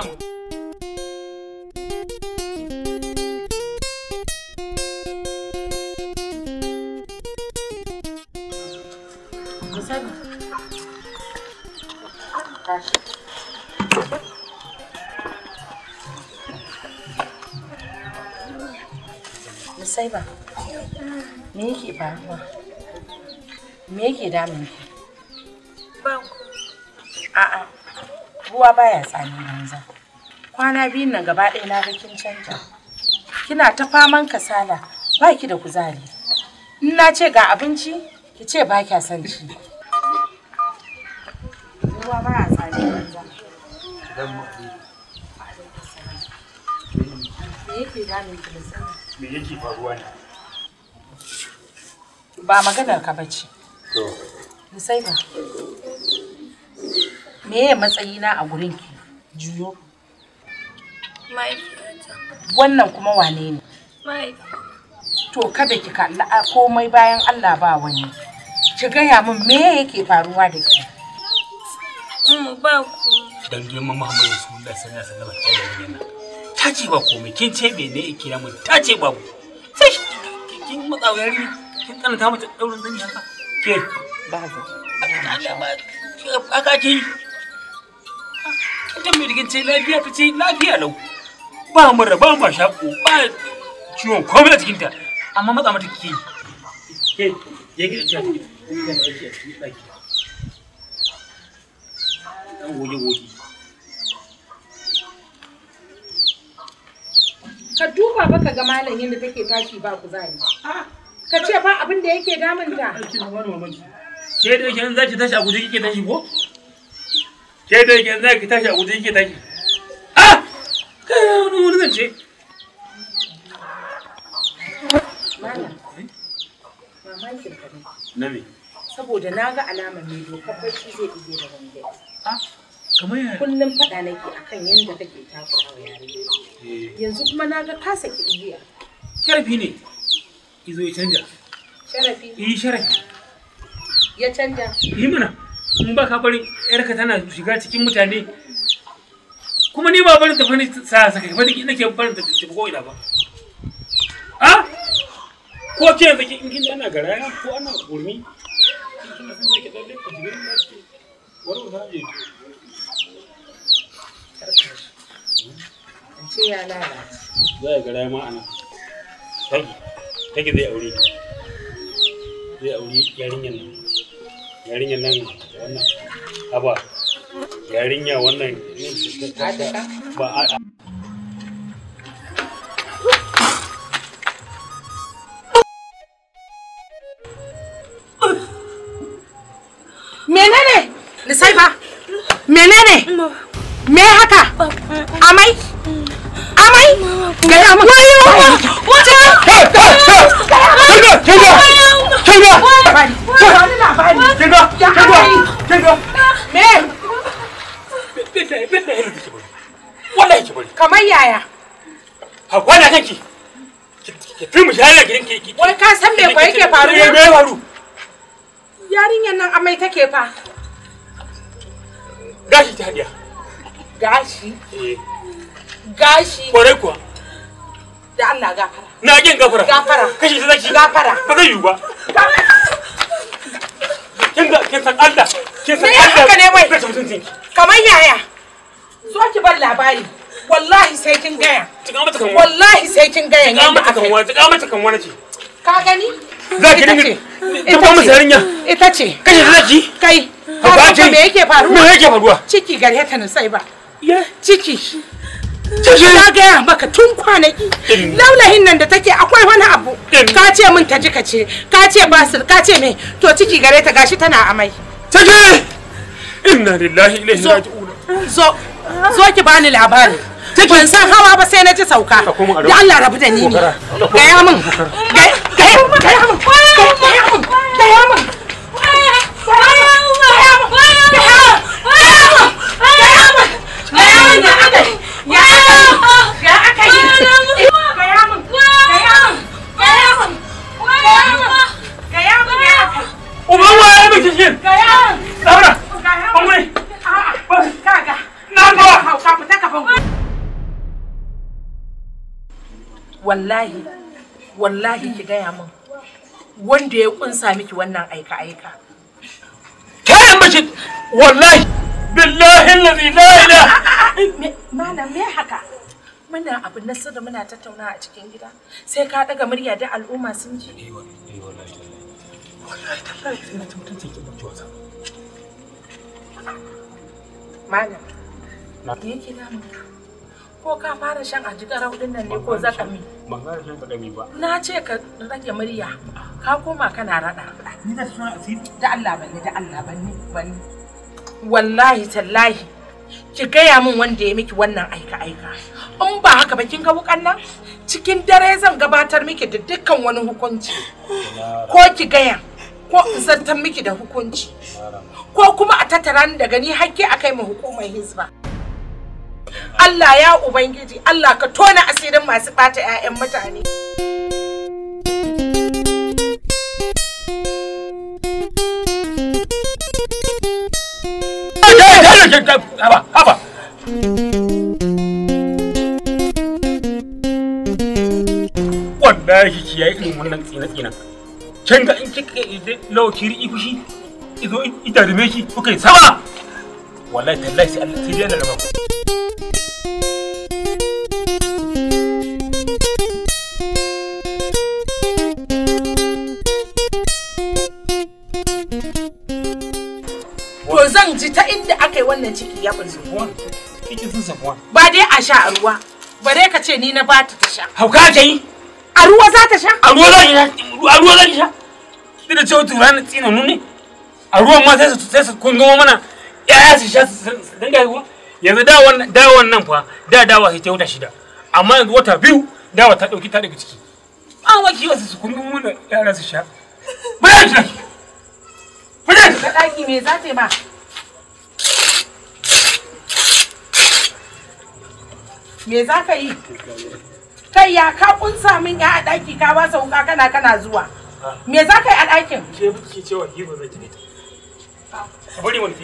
na'am Musaiba, me yake faruwa? Me yake damun ki? Ba A'a. ruwa baya tsani yanzu. kwana biyun nan gaba ɗaya na ga kin canja kina ta faman kasala ba ki da kuzari in na ce ga abinci ki ce ba kya son ci ruwa baya tsami yanzu. me yake damin ki da me yake ne ba maganar ka bace to sai ba meye matsayina a gurin ki juyo wannan kuma wane ne to kada ki kalli komai bayan Allah ba wani ki gaya min me yake faruwa da ke mm, ba ku dan je mu Muhammadu sallallahu alaihi wasallam ta ce ba komai kin ce me ne yake mun ta ce ba ku sai kin ne kin ta mata daurin dangi haka ke ba ku aka ce Kaga mai rigin lafiya ta ce lafiya lau. Ba ba ma shaƙo ba ciwon komai a cikinta. Amma matsa mata kike yi. ta goge goge. Ka duba ba ka ga malam yadda take tashi ba kuzari. Ka ce ba abin da yake damunta. Ke da yake in za tashi a guje kike tashi ko? ke da yake za ki tashi a guje yake tashi ah kai wani wani zance na me saboda na ga alamar mai barci zai da kamar kullum faɗa nake yadda yare eh. yanzu kuma na ga ka saki igiya sharafi ne izo ya canja sharafi yi eh, sharafi ya canja yi mana in ba ka bari yarka tana shiga cikin mutane kuma ni ba barin tafi ni sa saka ba duk nake barin ta tafi ko ina ba a ah! ko ke yanzu in kin ana ko ana gurmi kina san zaki ya ana zai aure zai aure yarinyar nan yarinyar nan wannan haba yarinya wannan ba a menene menene me haka amai amai yaya fi mu shahara gidan ka gashi ta eh. kuwa da Allah gafara na gafara gafara kashi ta zaki gafara ba zai yiwu ba ne wai kamar yaya so ki bar labari wallahi sai kin gaya wallahi sai kin gaya ne mata kan wani ka gani za ki dinga tuka masa yarinya ita ce kai za ki kai ka ga me yake faruwa me yake faruwa ciki gare ta nan sai ba ciki ta gaya maka tun kwanaki laulahin nan da take akwai wani abu ka ce min ta ji ka ce ka ce basir ka ce me to ciki gare ta gashi tana amai take inna lillahi ilaihi raji'un zo zo ki bani labari ban san hawa ba sai na ji sauka ya Allah rabu da ni ne ya min gaya min mun min ya min wallahi ki gaya min wanda ya kunsa miki wannan aika aika kayan bashi wallahi billahi allazi la ilaha Mana me haka muna abin nasu da muna tattauna a cikin gida sai ka daga murya da al'umma sun ji Mana. Eh, eh, na ko ka fara shan a jiƙa din nan ne ko zakami ban fara shan zakami ba na ce ka rage murya ka koma kana rada ni da suna asiri da Allah banne da Allah banne banne wallahi tallahi ki gaya min wanda ya miki wannan aika aika in ba haka ba kin ga wukan nan cikin dare zan gabatar miki da dukkan wani hukunci ko ki gaya ko in zartar miki da hukunci ko kuma a tattara ni daga ni hakki akai ma hukumar hizba Allah ya Ubangiji, Allah ka tona asirin masu ɓata 'ya'yan mutane. Wallahi ki yayi irin wannan tsina-tsinan. Can ga in kika lawa ki riƙi fushi, izo ita ki kuka yi sama. Wallahi tallahi sai Allah sai To zan ji ta inda aka yi wannan ciki ya ɓarzo. Kike sun safuwa. Ba dai a sha a ruwa. Ba dai ka ce ni na ba ta ta sha. Hauka ta yi. A ruwa za ta sha? A ruwa za ta sha. A ruwa za ta sha. Ina cewa tura na tsina nuni. A ruwan ma sai su sai su kun gama mana. Yaya su sha su dinga ruwa. Yanzu da wannan da fa da dawa sai ta wuta shida. Amma yanzu wata biyu dawa ta dauki ta daga ciki. An waki wasu su kun gama mana yara su sha. Bayan shi. ta ɗaki me za ta yi ma me za ka yi kai ya ka kunsa min ya a ɗaki ka ba sauka kana kana zuwa me za ka yi a ɗakin ke buki cewa ki ba zai a bari wani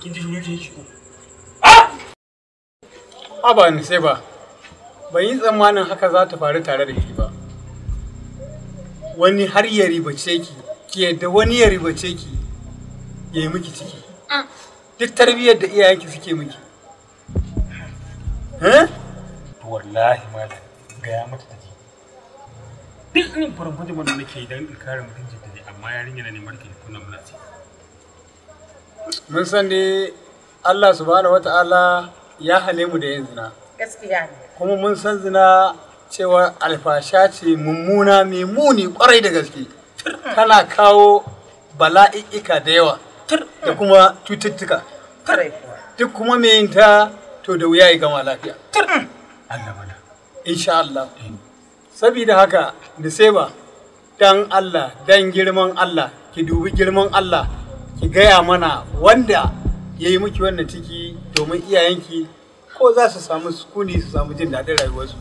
kin ji shuru kin shigo a ba ni sai ba ban yi tsammanin haka za ta faru tare da ki ba wani har ya ribace ki ki yadda wani ya ribace ki ya yi miki ciki duk tarbiyyar da iyayenki suke miki eh wallahi ga ya mata ta ji duk irin farfajin wanda nake idan in kare mutuncin da ne amma yarinya na marke ke kuna muna ce mun san ne Allah subhanahu wata'ala ya hale mu da yin zina gaskiya ne kuma mun san zina cewa alfasha ce mummuna mai muni kwarai da gaske tana kawo bala'i'ika da yawa da kuma cututtuka duk kuma mai yin ta to da wuya ya gama lafiya mm. insha Allah sabida haka da sai ba dan Allah dan girman Allah ki dubi girman Allah ki gaya mana wanda ya yi miki wannan ciki domin iyayenki ko za su samu sukuni su samu jin daɗin rayuwarsu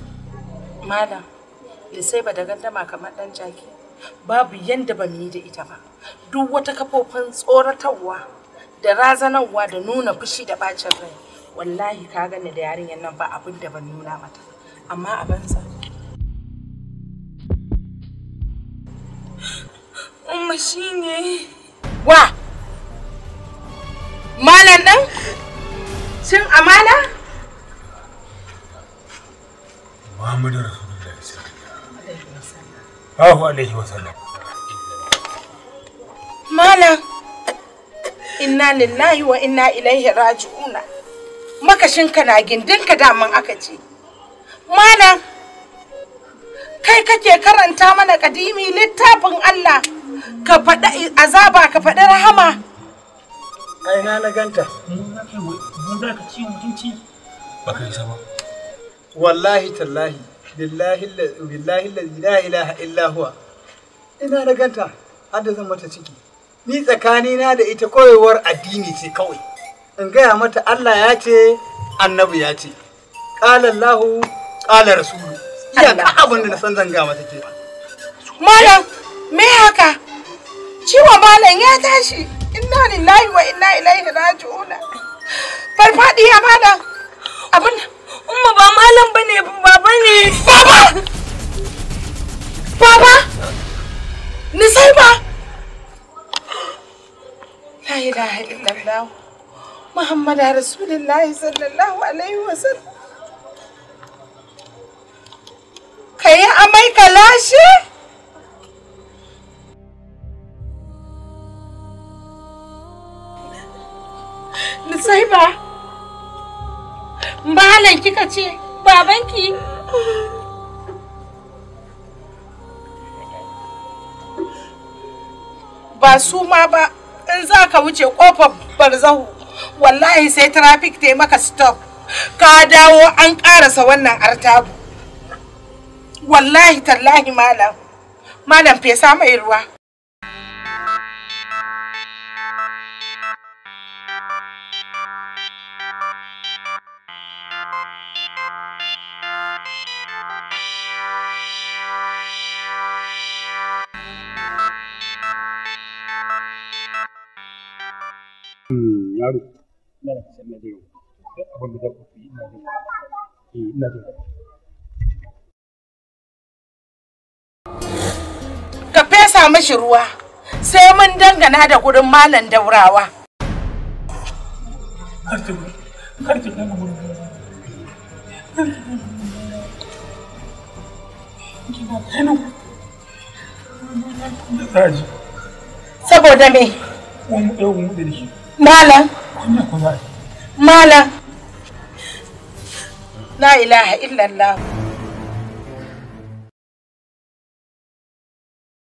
malam da sai ba da gandama kamar dan jaki babu yanda ba mu yi da ita ba duk wata kafofin tsoratarwa da razanarwa da nuna fushi da bacin rai wallahi ka gani da yarinyar nan ba abin da ba nuna mata amma a banza umma shine wa malam nan? cin amana Muhammadu sallallahu alaihi wasallam malam inna lillahi wa inna ilaihi raji'una makashinka na ka daman aka ce malam kai kake karanta mana kadimi littafin Allah ka faɗi azaba ka faɗi rahama kai na na ganta mun za ka ci mutunci baka yi ba wallahi tallahi billahi la ilaha illa huwa ina da ganta har zan mata ciki ni tsakanina da ita koyewar addini ce kawai in gaya mata Allah ya ce annabi ya ce qala Allahu qala rasulu iya ka abin da na san zan ga mata ke malam me haka ciwon malam ya tashi inna lillahi wa inna ilaihi raji'un farfadiya malam illallah Muhammad Rasulullahi sallallahu alaihi Ka yi amai ka lashe? Nusaiba, malam kika ce, babanki. Ba su ma ba. za ka wuce kofar barzahu wallahi sai traffic ta maka stop ka dawo an karasa wannan artabu wallahi tallahi malam malam fesa mai ruwa ka fesa mashi ruwa sai mun dangana da gurin malam daurawa Saboda me? Wani ɗaya wani da shi. Malam. Malam. La ilaha illallah.